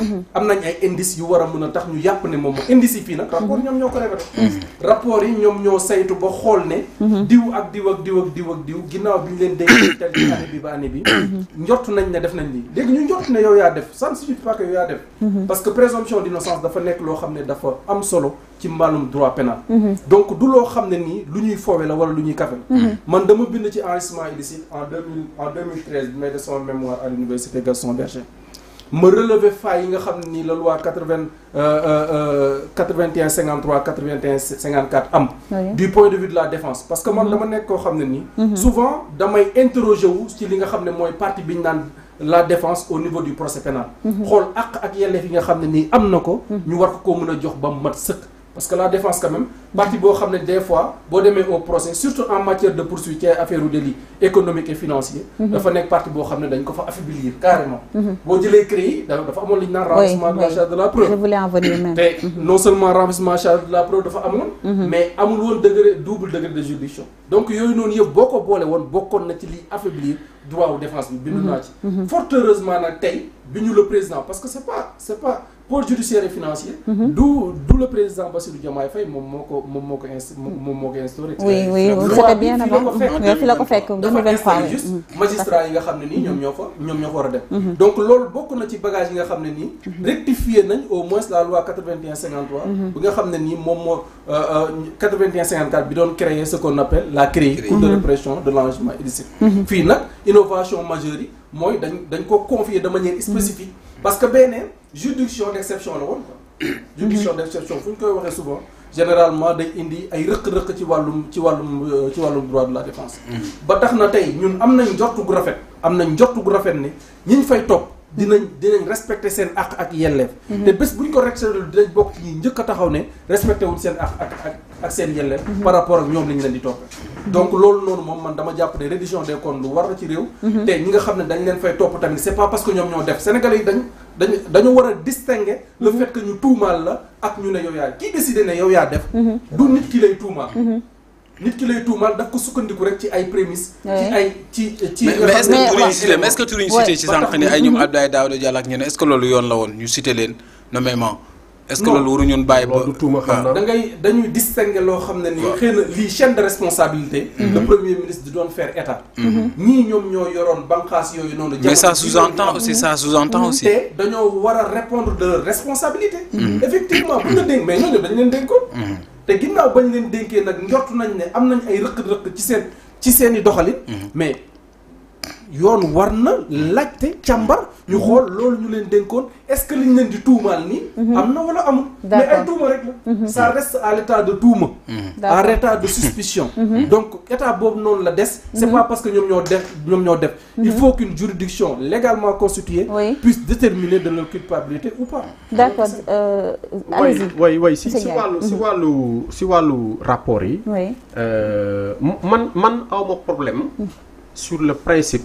Mm-hmm. am nañ ay indices yu war a mën a tax ñu yàpp ne moom moom indices yi fii nag mm-hmm. rapport ñoom ñoo ko révélé mm-hmm. rapport yi ñoom ñoo saytu ba xool ne diw ak diw ak diw ak diw ak diw ginnaaw bi ñu leen dénk tel bi année bi ba année bi njort nañ ne def nañ lii léegi ñu njort ne yow yaa def ça ne suffit pas que yow yaa def parce que présomption d'innocence dafa nekk loo xam ne dafa am solo ci mbaalum droit pénal donc du loo xam ne nii lu ñuy foowe la wala lu ñuy kafe man dama bind ci enrichissement illicite en 2000 en 2013 bi may def sama mémoire à l'université Gaston Berger ma relever failles yi la loi euh, euh, euh, quatre du point de vue de la défense. parce que mhm. mhm. souvent damay interroger ci li nga partie la défense au niveau du procès pénal. Mhm parce que la défense quand même partie boo des fois boo demee au procès surtout en matière de poursuite et affaire ou délits économiques et financier mhm. dafa nekk partie boo xam dañ ko affaiblir carrément mhm. boo jëlee les dafa amoon li ñu naan renversement de la charge de la preuve je voulais en venir même mhm. non seulement renversement charge de la preuve dafa amoon mais a woon degré double degré de juridiction donc il y a eu ko gens qui ont na ci liy affaiblir droit de défense fort heureusement nag le président parce que c'est pas c'est pas pour judiciaire et financier. Mhm. d'où le président Bassirou Diomaye Faye mon bien avant Il mhm. mhm. donc lool bokku na ci bagage yi nga nañ au moins la loi euh, euh, ce qu'on appelle la de répression de illicite. innovation majeure yi moy dañ ko confier de manière spécifique parce que juridiction d'exception la woon juridiction d'exception fu koy waxé souvent généralement day indi ay rëq-rëq ci walum ci walum ci walum droit de la défense. Mm-hmm. ba tax na tey ñun am nañ njort gu rafet. am nañ njort gu rafet ni ñiñ fay topp dinañ dinañ respecté seen ak ak yelleef. Mhm. te bés buñ ko respecté dinañ bokk ci ñi njëkk a taxaw ne respecté wuñ seen ak ak ak seen yelleef. Mhm. par rapport ak ñoom lañ leen di toppee. Mhm. donc loolu noonu moom man dama jàpp ne reddition des comptes lu war ci réew. te ñi nga xam ne dañ leen fay topp tamit c'est pas parce que ñoom ñoo def sénégalais yi dañ dañu dañu war a distinguer le fait que ñu tuumaal la ak ñu ne yow yaa kii décidé ne yow yaa def. du nit ki lay tuumaal nit ki lay tuumaal daf ko sukkandiku rek ci ay prémices. ci ay ci ci. mais est-ce que turuñ cité ci sànq ne ay ñoom Abdoulaye daoudo Diallo ak ñeneen est-ce que loolu yoon la woon ñu cité leen nommément. est-ce que loolu waruñu woon bàyyi ba tuuma xam da ngay dañuy distinguer loo xam ne ni xëy na lii chaîne de responsabilité mhm. le premier ministre di doon faire état mhm. Mhm. ñii ñoom ñoo yoroon banqaas yooyu noonu mais ça sous-entend aussi ça sous-entend aussi te dañoo war a répondre de responsabilité effectivement bu ñu la dénk mais ñooñu dañ leen dénkoon te ginnaaw bañ leen dénkee nag njort nañ ne am nañ ay rëq-rëq ci seen ci seen i doxalin mhm. mais yoon war na laajte càmbar. ñu mhm. xool loolu ñu leen dénkoon est-ce que liñ leen di tuumaal nii. Mhm. am na wala amul. mais ay tuuma rek la. Mhm. ça reste à l'état de tuuma. à état de suspicion. donc état boobu noonu la des. c'est pas parce que ñoom ñoo def ñoom ñoo def. il faut qu'une juridiction légalement constituée. puisse déterminer de leur culpabilité ou pas. d'accord euh, allez-y. oui oui si si wàllu si wàllu si wàllu rapport yi. Euh, man man awma problème sur le principe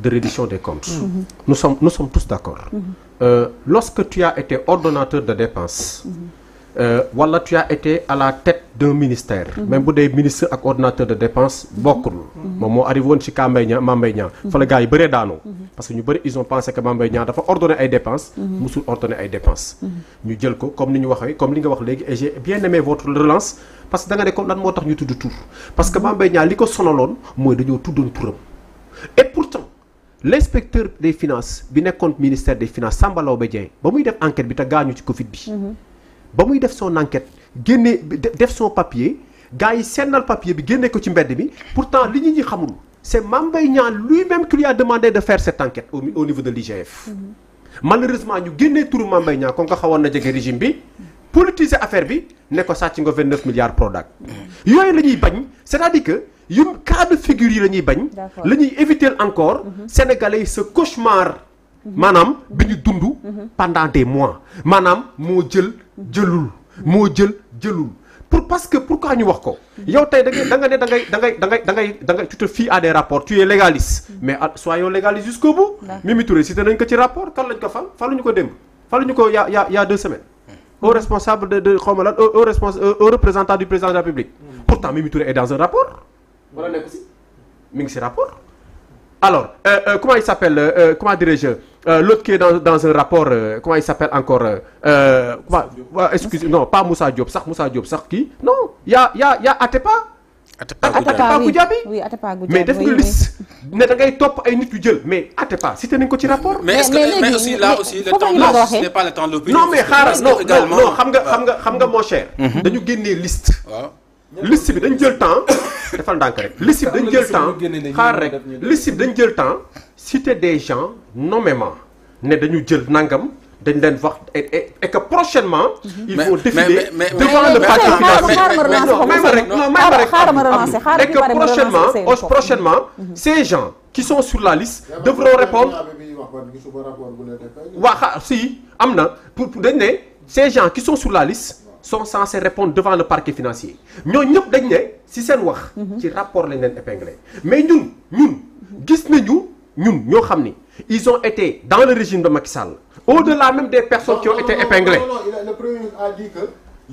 de reddition des comptes. nous, sommes, nous sommes tous d'accord. Euh, lorsque tu as été ordonnateur de dépenses, euh, wala tu as été à la tête d'un ministère. même vous dee ministre et ordonnateur de dépenses beaucoup moom arrive arrivé woon ci cas Mbaye Niang Il Mbaye Niang gars yi parce que ñu ils ont pensé que Mame Mbaye Niang dafa dépenses, ay dépenses. musul ordonné ay dépenses. ñu jël ko comme nous ñu comme li nga wax et j'ai bien aimé votre relance parce que da nga ne ko lan moo tax ñu tudd tur. parce que Mame Mbaye Niang li ko sonaloon tout tout tuddoon turam et pourtant l'inspecteur des finances bi compte ministère des finances Samba Laobé il ba muy def enquête bi ta gañu ci Covid bi. Mhm. ba muy def son enquête a def son papier a yi papier bi génne ko ci mbéd bi pourtant li ñu ñi xamul c'est lui-même qui lui a demandé de faire cette enquête au niveau de l'IGF mhm. malheureusement ñu a tout tout le Niang comme ko xawon na jege régime bi. politiser affaire bi ne ko 29 milliards product mhm. yoy lañuy bañ cest à dire que yu cas de figure yi la bañ. la éviter encore. Mhm. sénégalais ce cauchemar. manam mhm. biñu dundu mhm. pendant des mois manam mo jël jëlul. mo jël jëlul pour parce que pourquoi ñu wax ko. yow tay da ngay da nga ne da nga da nga da nga da tu te fies à des rapports tu es légaliste. mais ah, soyons légaliste jusqu'au bout. Mimi Touré cité nañ ko ci rapport kan lañ ko fal faluñu ko démb faluñu ko ya ya ya deux semaines. au responsable de de xaw au responsable au au représentant du président de la République. pourtant Mimi Touré est dans un rapport. Voilà, rapport alors euh, euh, comment il s'appelle euh, comment dirais-je l'autre qui est dans un rapport comment il s'appelle encore comment excuse non pas Moussa Diop Moussa Diop non y a y a y a Atepa Atepa oui Atepa Goudiabi mais liste mais Atepa rapport mais là aussi le temps pas le temps de non mais non, non non mon mhm. liste liste bi dañ jël temps defal ndànk rek liste bi dañ jël temps xaar rek liste bi dañ jël temps cité des gens nommément ne dañu jël nangam dañ leen wax et que prochainement. ils vont défiler devant le pacte financier non mais ma mais non rek et que prochainement os prochainement ces gens qui sont sur la liste devront répondre Wa si amna pour dañ ne ces gens qui sont sur la liste sont censés répondre devant le parquet financier ñooñu ñëpp dañ ne si c'est wax. ci rapport les leen épinglé mais ñun ñun gis nañu ñun ñoo xam ni ils ont été dans le régime de Macky Sall au-delà même des personnes qui ont été épinglées. non le premier ministre a dit que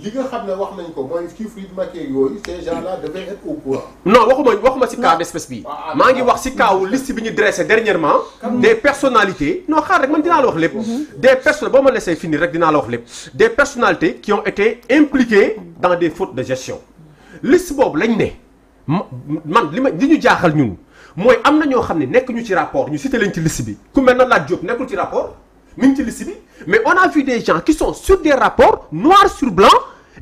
li nga xam ne wax nañ ko mooy kii Friedman ak yooyu ces gens-là devait être au courant. non waxuma waxuma ci cas d'espèce bi ah, ah, maa ngi wax ci kaawu liste bi ñu dressé dernièrement. des personnalités non xaar rek man dinaa la wax lépp. Mhm. des personnes boo ma laissee finir rek dinaa la wax lépp. des personnalités qui ont été impliquées dans des fautes de gestion liste boobu lañ ne man li ma li ñu jaaxal ñun mooy am na ñoo xam ñu ci rapport ñu cité leen ci liste bi ku mel na Lat Diop ci rapport mais on a vu des gens qui sont sur des rapports Noirs sur blanc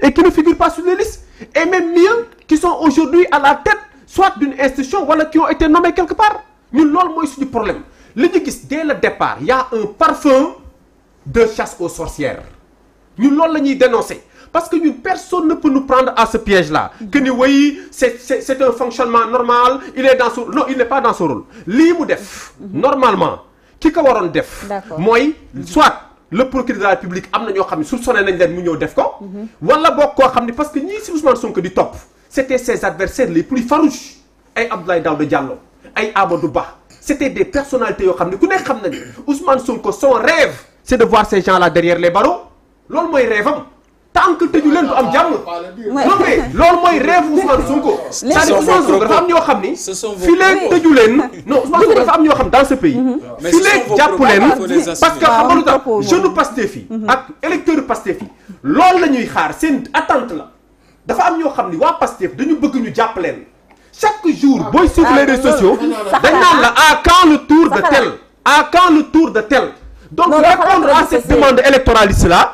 et qui ne figurent pas sur les listes et même mieux qui sont aujourd'hui à la tête soit d'une institution ou qui ont été nommés quelque part Nous avons un problème dès le départ il y a un parfum de chasse aux sorcières Nous ce que parce que personne ne peut nous prendre à ce piège là que nous voyons c'est un fonctionnement normal il est dans son non il n'est pas dans son rôle Limudef, normalement ki ko waroon def. moy mhm. soit le procureur de la République amna na ñoo xam ne soupçonné nañ leen mu ñew def ko. Mhm. wala bok ko xamni parce que ñi ci Ousmane Sonko di top. c'était ses adversaires les plus farouches ay Abdoulaye Daouda Diallo ay Amadou Ba c'était des personnalités yo xamni ku nekk xam Ousmane Sonko son rêve. c'est de voir ces gens là derrière les barreaux lool moy rêve am tant que tëju leen du am jàmm. non mais loolu mooy rêve Ousmane Sonko. cest à ça Ousmane Sonko dafa am ñoo xam ni. fi leen tëju non Ousmane Sonko dafa am xam dans ce pays. Mhm. filer japonais parce que xam nga lu tax jeune Pastef yi ak électeur Pastef yi loolu la ñuy xaar seen attente la dafa am ñoo xam ni waa Pastef dañu bëgg ñu nous japonais chaque jour ah, boy sur ah, les réseaux sociaux dañ naan la ah. à quand le tour de tel à quand le tour de tel donc répondre à cette demande électoraliste là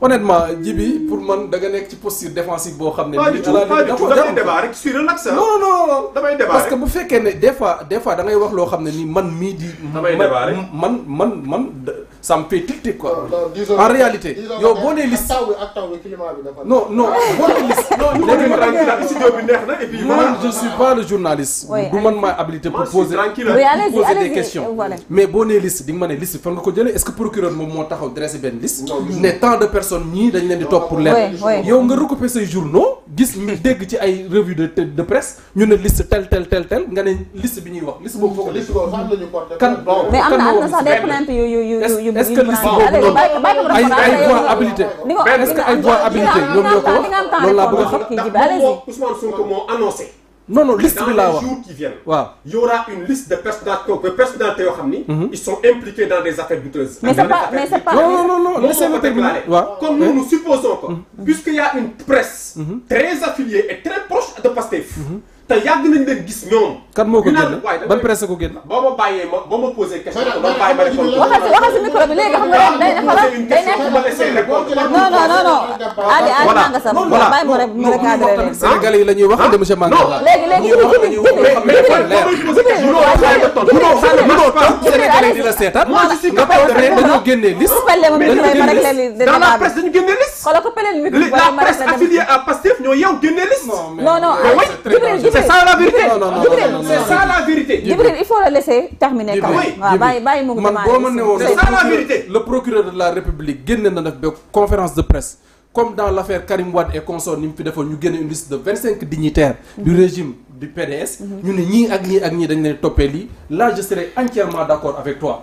honnêtement Djibi pour man da nga nek ci posture défensive bo xamné ni xam ne. damay débat rek ci relax non non non damay débat parce que bu fekké né des fois des fois da ngay wax lo xamné ni man mi di. man man man ça me fait tilter quoi. en réalité. yo boo nee liste ak taw bi ak taw bi climat bi dafa. non non ah. boo nee liste. non léegi ma studio bi neex na et puis. man je suis pas le journaliste. du man ma habilité pour poser. pour poser des questions. mais boo nee liste di mané liste fan nga ko jëlee est-ce que procureur moom mo taxaw dresser ben liste. né tant de personnes personnes ni dañ leen di top pour leen yow nga recoupé ces journaux gis ñu dégg ci ay revue de de presse ñu une liste tel tel tel tel nga ne liste bi ñuy wax liste boobu liste lañu porté kan mais am na des plaintes yu yu est-ce que liste boobu est-ce que habilité ko a non non liste de dans les jours qui viennent. il y aura une liste de personnalités de personnalités mhm. ils sont impliqués dans des affaires douteuses. mais c'est pas non, non non non laissez-le terminer comme nous nous mhm. supposons que. Mhm. y a une presse. très affiliée et très proche de Pastef. te yàgg nañ leen gis ñoom. kan moo ko génn ban presse ko génn. boo ma bàyyee ma boo ma posé question ma bàyyi ma répondre. waxal si waxal si micro bi léegi xam nga day nekk day nekk non non non non. Aliou Aliou Manga Sarr bàyyi ma rek ma recadré leen. Sénégalais yi la ñuy wax de monsieur Manga Sarr. léegi léegi jibi jibi jibi jibi jibi jibi jibi xoolal la presse affiliée à Pastef ñoo yow génne liste. non non non ah c'est ça la vérité. c'est ça la vérité. il faut le laisser terminer. quand ah, c'est ça la vérité. le procureur de la République a na def conférence de presse comme dans l'affaire Karim Wade et consorts nous avons fi ñu une liste de 25 dignitaires du mhm. régime du PDS. Mhm. ñu avons ñii ak liste ak ñii dañ là je serai entièrement d'accord avec toi.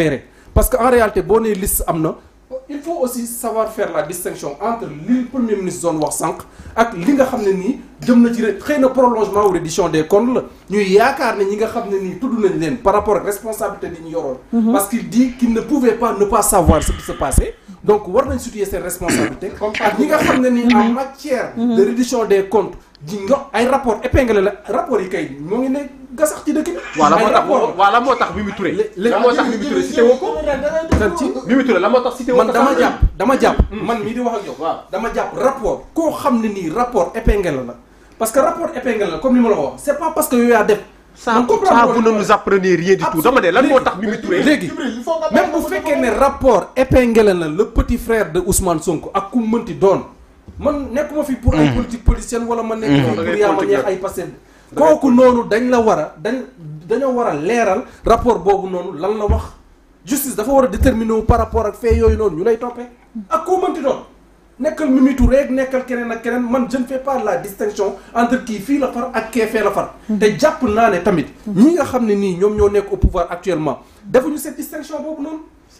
parce qu'en réalité bonnet liste amna il faut aussi savoir faire la distinction entre le premier ministre zone wax sànq ak li nga xam ne prolongement ou réduction des comptes Nous ñuy a ni nga par rapport la responsabilité mhm. parce qu'il dit qu'il ne pouvait pas ne pas savoir ce qui se passait donc war nañ situer ses responsabilités Nous avons nga en mhm. matière mhm. de réduction des comptes di nga ay rapport épinglé la rapport yi kay moo ngi ne gasax ci dëkk bi. ay rapport waaw la moo tax Mimi Touré. la moo tax Mimi Touré cité woo ko. lan ci Mimi Touré la moo cité woo man dama jàpp dama jàpp. Hmm. man mii di wax ak yow. dama jàpp rapport. koo xam ne rapport épinglé la parce que rapport épinglé la comme ni ma la wax c'est pas parce que yow yaa def. sans vous ne nous apprenez rien du tout dama ne lan moo tax Touré. même bu fekkee ne rapport épinglé la le petit frère de Ousmane Sonko ak ku mënti doon man nekkuma fi pour ay hmm. politique politicienne wala man nekk hmm. pour yaa ma neex ay Pastef kooku noonu dañ la war a dañ dañoo war a leeral rapport boobu noonu lan la wax justice dafa war a déterminer wu par rapport ak fee yooyu noonu ñu lay toppee ak koo mënti doon nekkal mimitu rek nekkal keneen ak keneen man je ne fais pas la distinction entre kii fii la far ak kee fee la far hmm. te jàpp naa ne tamit ñi nga xam ne nii ñoom ñoo nekk au pouvoir actuellement defuñu cette distinction boobu noonu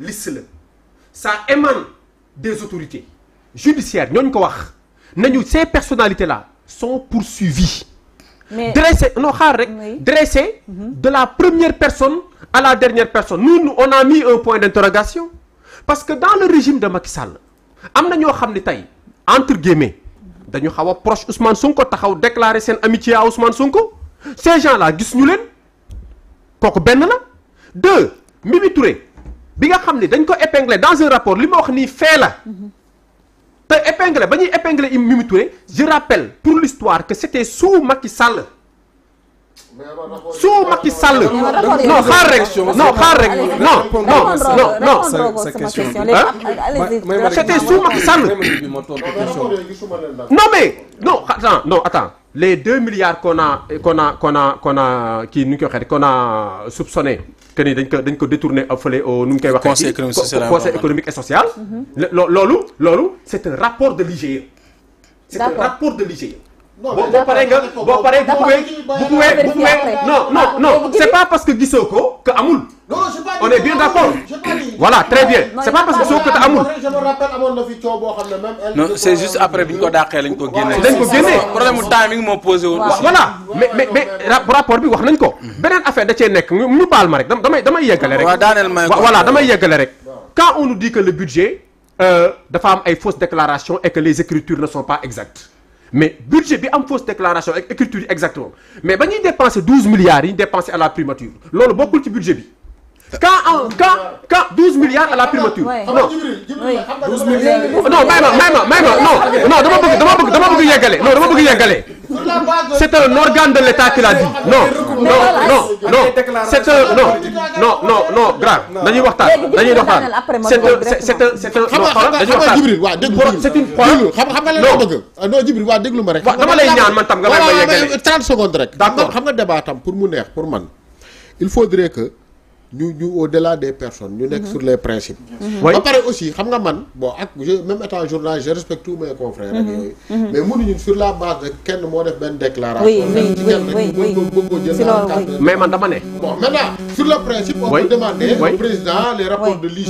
liste ça émane des autorités judiciaires ces personnalités là sont poursuivies. mais mhm. de la première personne à la dernière personne nous, nous on a mis un point d'interrogation parce que dans le régime de Macky Sall entre guillemets proche Ousmane Sonko déclaré son amitié à Ousmane Sonko ces gens là gis ñu leen avons dit deux Touré bi nga xam ne dañ ko épingler dans un rapport li ma wax nii fee la te épingler ba ñuy épingler im Touré je rappelle pour l'histoire que c'était sous Macky Sall sous Macky Sall non xaar rek non xaar rek non non non non c'était sous Macky Sall non mais non attends non attends les deux milliards qu'on a qu'on a qu'on a qu'on a qui nu ñu qu'on a soupçonné que ni dañ ko dañ ko détourné au fele mu koy waxee. conseil économique et social conseil économique et social. Mhm. lolu lolu c'est un rapport de l'IGE. c'est un rapport de l'IGE boo paree bon boo paree bu kuwee bu kuwee bu non non ah, non c'est pas parce que Non, ko pas amul. on est bien d'accord voilà très bien c'est pas parce que soo ko te non c'est juste après bi ñu ko dàqee lañ ko génnee. dañ ko génnee problème timing m'a posé voilà mais mais mais rapport bi wax nañ ko. Mhm. beneen affaire da cee nekk ñu baal ma rek damay damay yeggale rek. voilà damay yeggale rek. quand on nous dit que le budget euh, dafa am ay fausse déclaration et que les écritures ne sont pas exactes mais le budget en une fausse déclaration avec culture exactement mais quand ils dépense 12 milliards il dépense à la primature loolu bon ci budget quand 12 ah, milliards à la primature. non non Non, non. Non, non non non c'est un organe de l'État qui l'a dit. non non non non c'est un non non non non grave c'est c'est un c'est un non c'est Non, ah, non 30 secondes pour il faudrait que ñu ñu au-delà des personnes ñu nekk mhm. sur les principes mhm. Mhm. ba pare aussi xam nga man bon ak même étant journaliste je respecte tous mes confrères ak yooyu mais mënuñu sur la base de kenn moo def benn déclaration ci mais man dama ne bon maintenant sur le principe on peut demander au président les rapports de l'IGE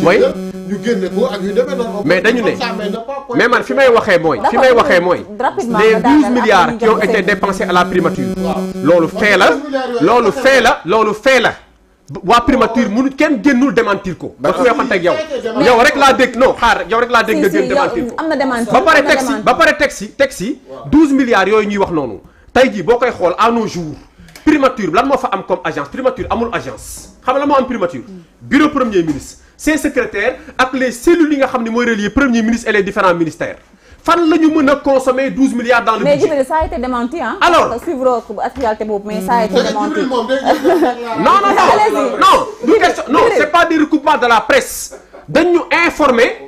ñu génne ko ak yu demee noonu mais dañu ne mais man fimay waxé moy fimay waxé moy les 12 milliards qui ont été dépensés à la primature lolu fait la lolu fait la lolu fait la wa primature qui ken génnul démentir ko. ba ku weexante ak yow yow rek la dégg non xaar yow rek la dégg nga génn démentir ko ba paré taxi ba paré taxi taxi 12 milliards yoy ñuy wax noonu tay ji bokay xol à nos jours primature lan moo fa am comme agence primature amul agence xam la mo am primature bureau premier ministre ses secrétaires ak les cellules yi nga xamni moy premier ministre et les différents ministères fan lañu nous consommer 12 milliards dans le mais ça a été démenti hein. alors mais ça a été démenti. non non non non non c'est pas des recoupements de la presse dañ nous informer.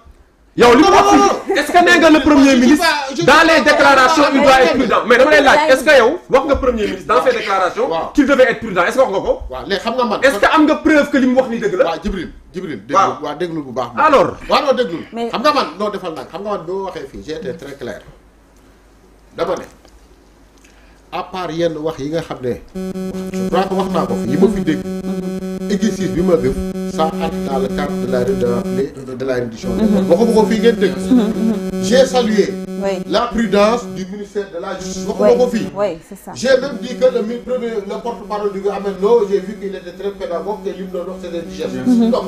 est-ce que le premier ministre dans les déclarations il doit être prudent mais est-ce que le premier ministre dans ses déclarations. devait être prudent est-ce que est-ce que preuve que vous wax dit alors très clair part ça entre dans le cadre de la, de, de la réduction. Mhm. Mhm, mhm. J'ai salué oui. la prudence du ministère de la Justice. Oui. Oui, j'ai même dit que le, premier, le porte-parole du gouvernement, j'ai vu qu'il était très pédagogue et l'hymne de c'est des digestes. Donc,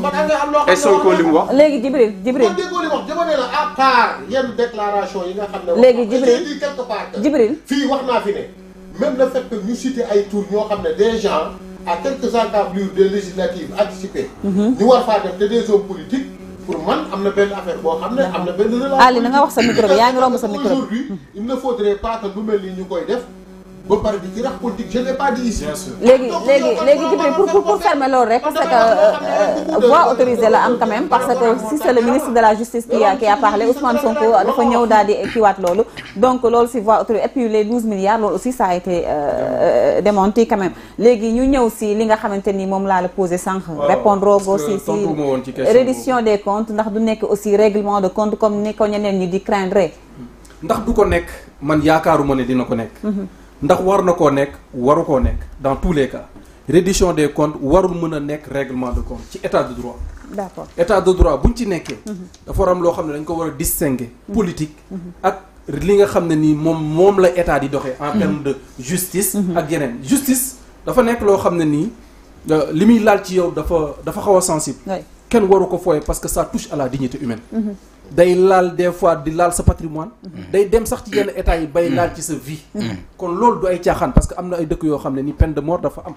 Et son colimwa à part, il y a une déclaration. J'ai dit quelque part. Même le fait que nous citions nous citons des gens à quelques encablures des législatives anticipées. Mhm. ñu war faa dem te des hommes politiques pour man am na benn affaire boo xam ne am na benn relation. Ali na nga wax sa micro bi yaa ngi romb sa micro il ne faudrait pas que mel ni ñu koy def. ba pare di rax politique je n'ai pas dit ici. léegi léegi léegi pour pour pour fermer loolu parce que euh, euh, voix autorisée la am quand même parce que si c'est le ministre de la justice qui a qui a parlé Ousmane Sonko dafa ñëw daal di kiiwaat loolu donc loolu si voix autorisée et puis les 12 milliards loolu aussi ça a été euh, démonté quand même léegi ñu ñëw si li nga xamante ni moom la posé répondre rogo si si des comptes ndax du que aussi règlement de compte comme ne ko ñeneen ñi di craindre. ndax du ko nekk man yaakaaruma ne dit ko nekk. Mhm ndax war na koo nekk waru koo nekk dans tous les cas reddition des comptes warul mën a nekk règlement de compte ci état de droit. d'accord état de droit bu ñu ci nekkee. Mhm. dafa war am loo xam ne dañ ko war a distinguer. Mhm. politique mhm. ak li nga xam ne nii moom moom la état di doxee. en termes de justice. ak yeneen justice dafa nekk loo xam ne nii euh, li muy laal ci yow dafa dafa xaw a sensible. kenn waru ko fooye parce que ça touche à la dignité humaine. day laal des fois di laal sa patrimoine mhm. day dem sax ci yenn état yi bay mhm. laal ci sa vie mhm. kon loolu du ay caaxaan parce que am na ay dëkk yoo xam ne ni peine de mort dafa am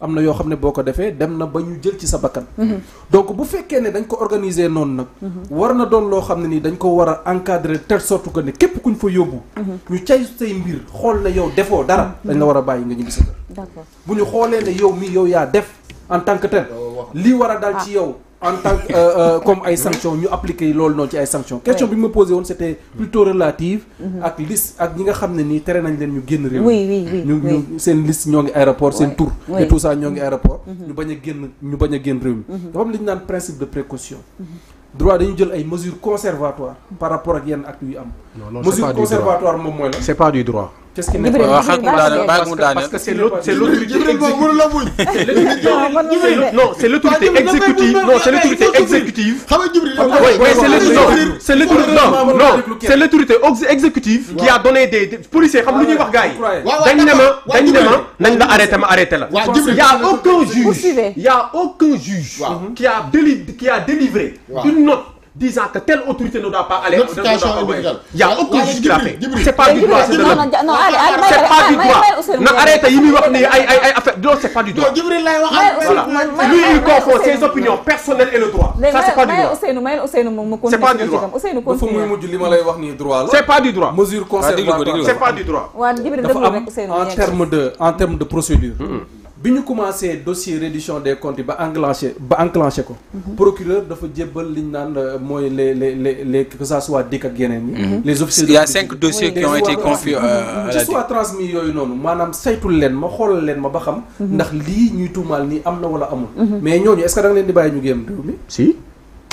am na yoo xam ne boo ko defee dem na ba ñu jël ci sa bakkan donc bu fekkee ne dañ ko organiser noonu nag war na doon loo xam ne nii dañ ko war a encadrer telle sorte que ne képp kuñ fa yóbbu ñu cay say mbir xool na yow defoo dara dañ la war a bàyyi nga ñibbi sa kër bu ñu xoolee ne yow mi yow yaa def en tant que lii war a dal ci ah. yow en tant que euh, euh, comme ay sanctions ñu appliquer ci ay question bi que mm-hmm. plutôt relative. Mm-hmm. ak liste ak ñi nga nañ oui oui oui liste aéroport tour et tout ça mm-hmm. aéroport. ñu principe de précaution. droit dañu jël ay mesures conservatoires. par rapport ak yenn c'est pas du droit parce que c'est l'autorité exécutive non c'est l'autorité exécutive. exécutive. qui a donné des policiers il y a aucun juge qui a délivré une note disant que telle autorité ne doit pas aller. Il n'y a aucun juge qui l'a fait. C'est pas du droit. Non, pas du droit. Non, arrête, il Non, c'est pas du droit. Lui, il confond ses opinions personnelles et le droit. Ça, c'est pas du droit. C'est pas du droit. C'est pas du droit. Mesure conservatoire. C'est pas du droit. En termes de procédure. Hmm nous commencé dossier réduction des comptes ba enclenché ba enclenché mhm. procureur dafa euh, les les les les que ça soit été ak mhm. les officiers il y a 5 dossiers qui ont été confiés euh, mhm. à la suis transmis yoy noonu manam saytul len ma xol len ma baxam ndax lii ñuy ni nii wala mais est-ce que da nga di ñu si.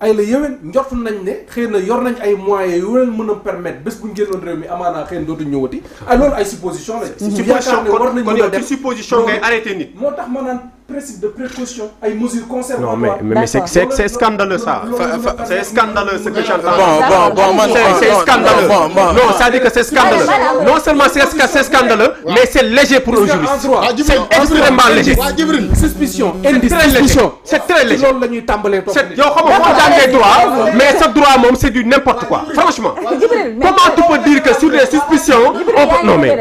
ay la yéwén njortu nañ ne xëy na yor nañ ay moyens yu leen mën a permettre bés bu ñu génnoon réew mi amaanaa xëy na dootuñ ñëwati. ay ah. ah, loolu ay supposition lañ. supposition kon kon yow ci supposition ngay arrêté nit. moo tax ma naan. principe de précaution, à une mesure conservatoire. Non, mais, mais, mais c'est scandaleux ça. C'est scandaleux ce que j'entends. Bon, bon, bon, c'est scandaleux. non, ça dit que c'est scandaleux. Non seulement c'est scandaleux, mais c'est léger pour le juge C'est extrêmement léger. Suspicion, indiscrétion. C'est très léger. C'est droit, mais ce droit, c'est du n'importe quoi. Franchement, comment tu peux dire que sur les suspicions, on peut. Non, mais.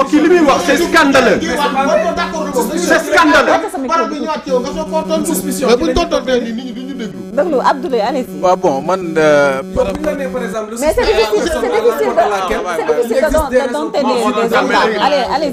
non kii li muy wax c'est scandaleux. c'est scandaleux. mais buñ tontontee nii nit ñi duñu déglu. déglu Abdoulaye allez-y. waaw bon man. Euh, par exemple. mais c'est de c'est difficile de doon tenir les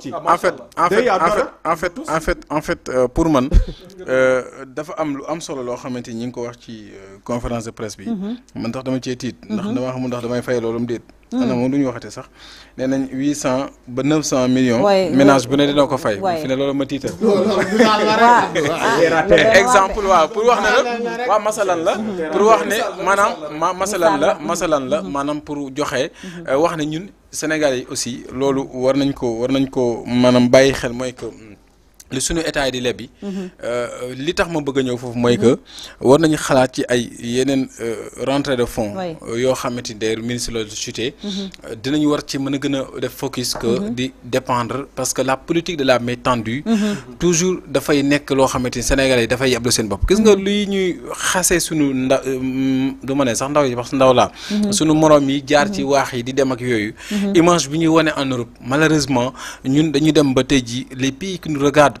Ah, en fait en fait en fait en fait en fait pour man euh, dafa am lu am solo lo euh, conférence de presse bi mhm. man tax dama ci mhm. ndax dama xam ndax damay fay mhm. ana mo duñu waxate sax ba neuf millions ménages bu dina ko fay fi exemple wa, pour wax ne masalan la pour wax ne manam, masalan la masalan la pour joxe euh, wax ne ñun Sénégal yi aussi loolu war nañ ko war nañ ko maanaam bàyyi xel mooy que hmm, Le sunu état un di leb mhm. euh, li tax ma bëgg ñëw que mhm. war nañu xalaat ci ay euh, de fonds euh, ministre mhm. focus que dépendre parce que la politique de la main tendue toujours dafay nekk que sénégalais seen gis nga luy ñuy mm, du que ndaw yi jaar ci yi di ak image en Europe malheureusement les pays qui nous regardent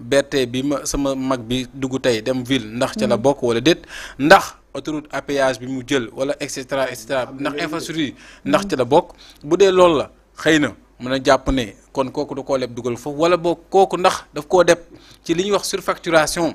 berte bi ma sama mag bi dugg tey dem ville ndax ca la mm. bokk wala déet ndax autoroute à bi mu jël wala et cetera et cetera ndax infrastructure ndax ca la bokk bu dee loolu la xëy na mën a jàpp ne kon kooku da ko leb dugal foofu wala bokk kooku ndax daf koo deb ci li ñuy wax surfacturation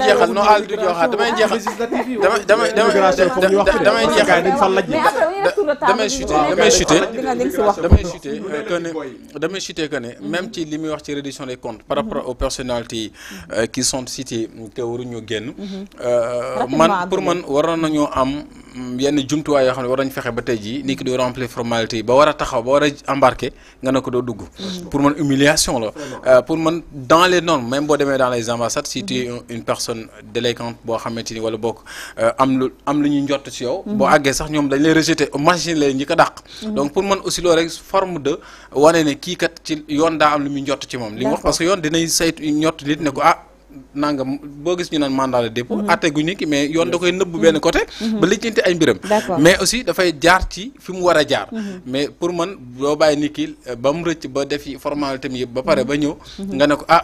jeexal même si des comptes par rapport aux personnalités euh, qui sont citées mhm. euh, pour yenn jumtuwaay yoo xam ne war nañ fexe ba tey jii nit ki doo remplir formalité yi ba war a taxaw ba war a embarquer nga ne ko doo dugg. Mhm. pour man humiliation la. Euh, pour man dans les normes même boo demee dans les ambassades si tu es mhm. une personne délinquante boo xamante ni wala boog euh, am lu am lu ñuy njort ci yow. Mhm. boo àggee sax ñoom dañ lay rejeter machine lay ñi ko dàq. donc pour man aussi loolu rek forme de wane ne kii kat ci yoon daa am lu muy njort ci moom. li mu wax parce que yoon dinañ saytu njort nit ne ko ah. nangam boo gis ñu naan mandat de dépôt mhm. atte gu ñu ki mais yoon da koy nëbb benn côté mhm. Mhm. ba lijjanti ay mbiram mais aussi dafay jaar ci fi war a jaar mais pour man doo bàyyi nit ki ba mu rëcc ba defi formalité mi yëpp ba pare ba ñëw nga ne ko ah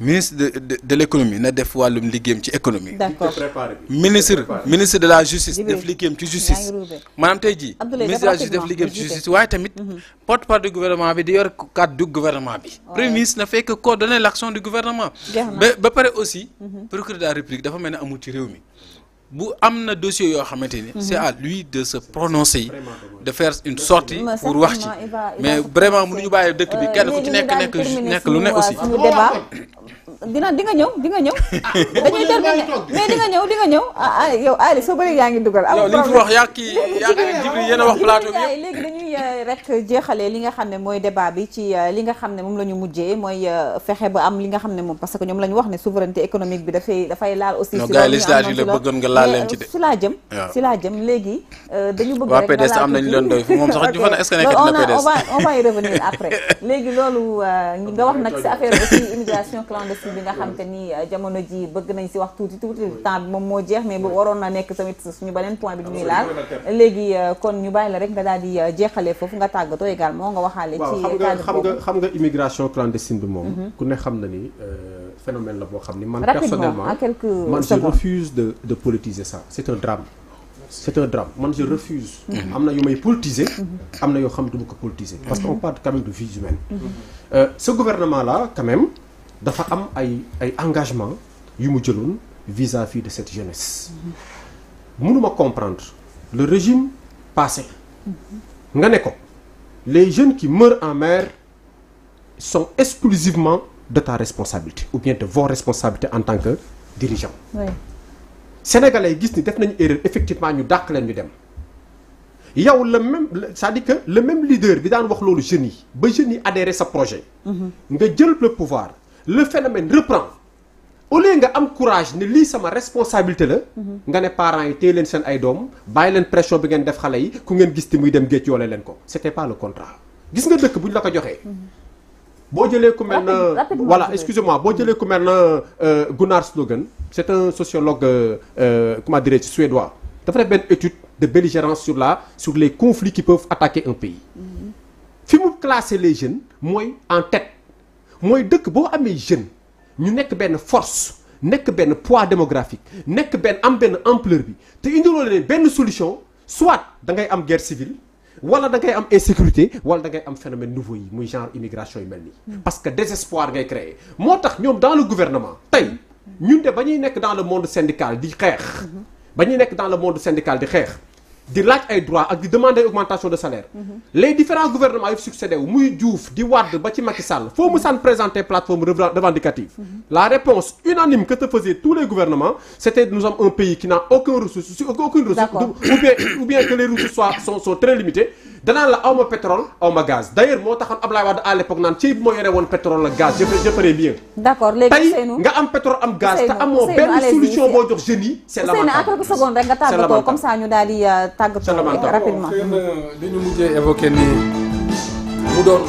ministre de de l'économie na def wàllum le ci économie. ministre ministre de la justice def liggéeyam ci justice. manam tay ji ministre de la justice def liggéeyam ci justice waye tamit. Mhm. porte-parole du gouvernement bi di yor cadre du gouvernement bi. premier ministre na que coordonner l'action du gouvernement. ba ba pare aussi. Mhm. procureur de la république dafa melni ne amul ci réew bu am dossier yo xamanteni c'est à lui de se prononcer. de faire une sortie pour wax ci mais vraiment mënuñu baye dëkk bi euh, kenn ku ci nekk nekk nekk lu ne aussi. dina di nga ñëw di nga ñëw. Ah, dañuy terminer mais di nga ñëw di nga ñëw ah, ah, yow ali so bari yaangi duggal dugal. problème yow li wax yaa kii yaa kii yéen a wax plateau bi yëpp léegi dañuy euh, rek jeexalee li nga xamné moy débat bi ci euh, li nga xamné mom lañu mujjé moy fexé ba am li nga xamné mom parce que ñom lañu wax né souveraineté économique bi dafay dafay laal aussi. si loolu ñu am laal leen ci euh, de si laa jëm si laa jëm léegi euh, dañu bëgg rek waa PDS am nañu leen doy fu moom sax Diouf est euh, nga wax nag si affaire aussi bi nga xam te ni jamono ji bëgg nañ si wax tuuti tuuti temps moom moo jeex mais bu waroon na nekk tamit suñu beneen point bi ñuy ah, laal léegi kon ñu bàyyi la rek nga daal di jeexalee foofu nga tàggatoo également nga waxaale ci cadre boobu xam nga immigration clandestine bi moom mhm. ku ne xam na ni personnellement je refuse de de politiser ça c'est un drame c'est un drame moi je refuse à mhm. politiser mhm. politiser parce qu'on mhm. parle quand même de vie humaine. Euh, ce gouvernement là quand même dafa am ay engagement yu vis-à-vis de cette jeunesse mënuma comprendre le régime passé nga les jeunes qui meurent en mer sont exclusivement de ta responsabilité ou bien de vos responsabilités en tant que dirigeant. Oui. sénégalais yi gis ni def erreur effectivement le même cest à que le même leader bi dit wax génie, le génie, ba jeunes sa projet. Mhm. nga le pouvoir le phénomène reprend au lieu nga am courage ne sama responsabilité la. Mhm. nga des parents yi leen ay pression bi def yi ku gis c'était pas le contrat gis nga dëkk bu la voilà excusez-moi euh, Gunnar Slogan c'est un sociologue euh, euh comment dire, fait suédois fait une étude de belligérance sur la sur les conflits qui peuvent attaquer un pays Si mm-hmm. vous classer les jeunes en tête vous avez boo que si ñu nekk ben force nekk ben poids démographique nekk benn am ampleur bi une solution soit da ngay guerre civile wala da ngay am insécurité wala da ngay am phénomène nouveau yi genre immigration yu mm. parce que désespoir ngay créé. moo tax dans le gouvernement tey mm. ñun de ba dans le monde syndical di xeex. Mm-hmm. ba ñuy dans le monde syndical di xeex. Dirac laaj droit et de demander augmentation de salaire mhm. les différents gouvernements ont succédé Mouidouf, Mouy Diouf di Wade ba ci Sall plateforme revendicative mhm. la réponse unanime que te faisaient tous les gouvernements c'était nous sommes un pays qui n'a aucune ressource ou bien que les ressources soient sont très limitées danaan la aw ma pétrole aw ma gaz d' ailleurs moo taxoon Ablaye Wade à l' époque naan ci bu ma yore woon pétrole ak gaz je je ferai mieux. d' nga am pétrole am gaz te amoo benn solution boo jox jeunes yi. c' est lamentable Ousseynou à quelques secondes rek nga tàggatoo comme ça ñu daal di euh, tàggatoo rapidement. li euh, ñu mujjee évoqué nii mu doon.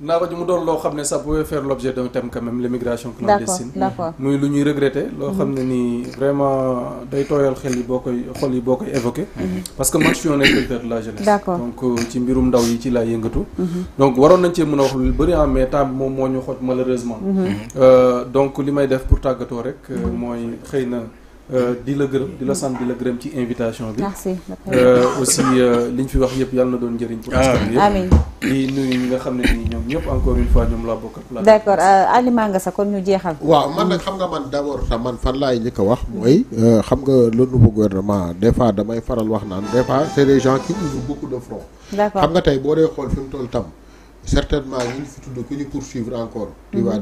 naaraju mu doon loo xam ne ça pouvait faire l'objet d'un thème quand même l'immigration clandestine muy lu ñuy regretter loo xam ne mm-hmm. nii vraiment day tooyal xel yi boo koy xol yi boo koy évoqué mm-hmm. parce que man je suis un de la jeunesse donc euh, ci mbirum ndaw yi ci laa yëngatu mm-hmm. donc waroon nañ cee mën a wax lu bëri mais temps bi moom moo ñu xooj malheureusement euh, donc li may def pour tàggatoo rek euh, mooy xëy na Euh, di la gërëm di la sant di la gërëm ci invitation bi. merci euh, aussi euh, li ñu fi wax yëpp yàlla na doon njëriñ. pour askan bi nuyu ñi nga xam ne nii ñoom ñëpp encore une fois ñoom laa bokk ak la. d' accord Alima nga sa kon ñu jeexal. waaw man nag xam nga man d' abord sax man fan laay njëkk wax mooy xam nga le nouveau gouvernement des fois damay faral wax naan des fois c' est des gens qui ouvrent beaucoup de front. xam nga tey boo dee xool fi mu toll tam certainement ñi ñu fi tudd encore. tu vas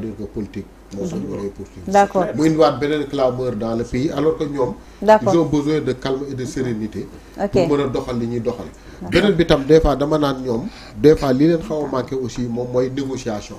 D'accord. suñu waree poursuivre. d' accord clameur dans le pays alors que ñoom. ils ont besoin de calme et de sérénité. ok pour mën a doxal li ñuy doxal. beneen bi tam des fois dama naan ñoom des fois li leen xaw a aussi moom mooy négociation.